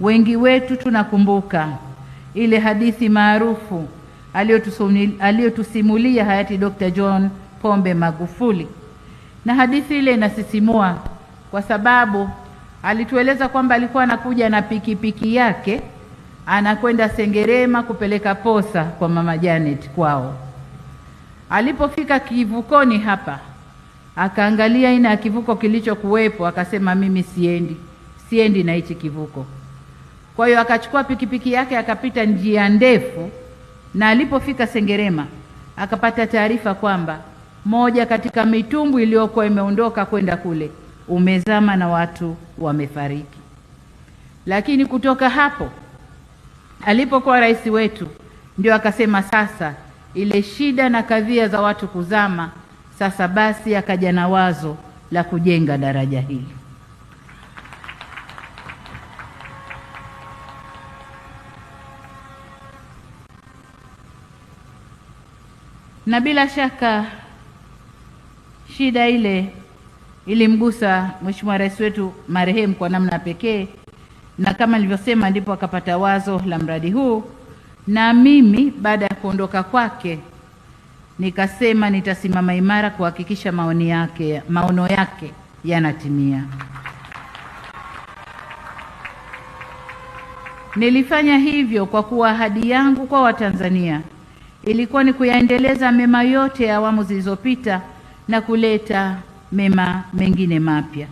Wengi wetu tunakumbuka ile hadithi maarufu aliyotusimulia hayati Dr. John Pombe Magufuli, na hadithi ile inasisimua kwa sababu alitueleza kwamba alikuwa anakuja na pikipiki yake anakwenda Sengerema kupeleka posa kwa mama Janet kwao. Alipofika kivukoni hapa, akaangalia aina ya kivuko kilichokuwepo, akasema mimi siendi, siendi na hichi kivuko. Kwa hiyo akachukua pikipiki yake akapita njia ndefu, na alipofika Sengerema akapata taarifa kwamba moja katika mitumbwi iliyokuwa imeondoka kwenda kule umezama na watu wamefariki. Lakini kutoka hapo alipokuwa rais wetu ndio akasema sasa ile shida na kadhia za watu kuzama, sasa basi akaja na wazo la kujenga daraja hili. na bila shaka shida ile ilimgusa Mheshimiwa Rais wetu marehemu kwa namna pekee, na kama nilivyosema, ndipo akapata wazo la mradi huu, na mimi baada ya kuondoka kwake nikasema nitasimama imara kuhakikisha maoni yake, maono yake yanatimia. Nilifanya hivyo kwa kuwa ahadi yangu kwa Watanzania ilikuwa ni kuyaendeleza mema yote ya awamu zilizopita na kuleta mema mengine mapya.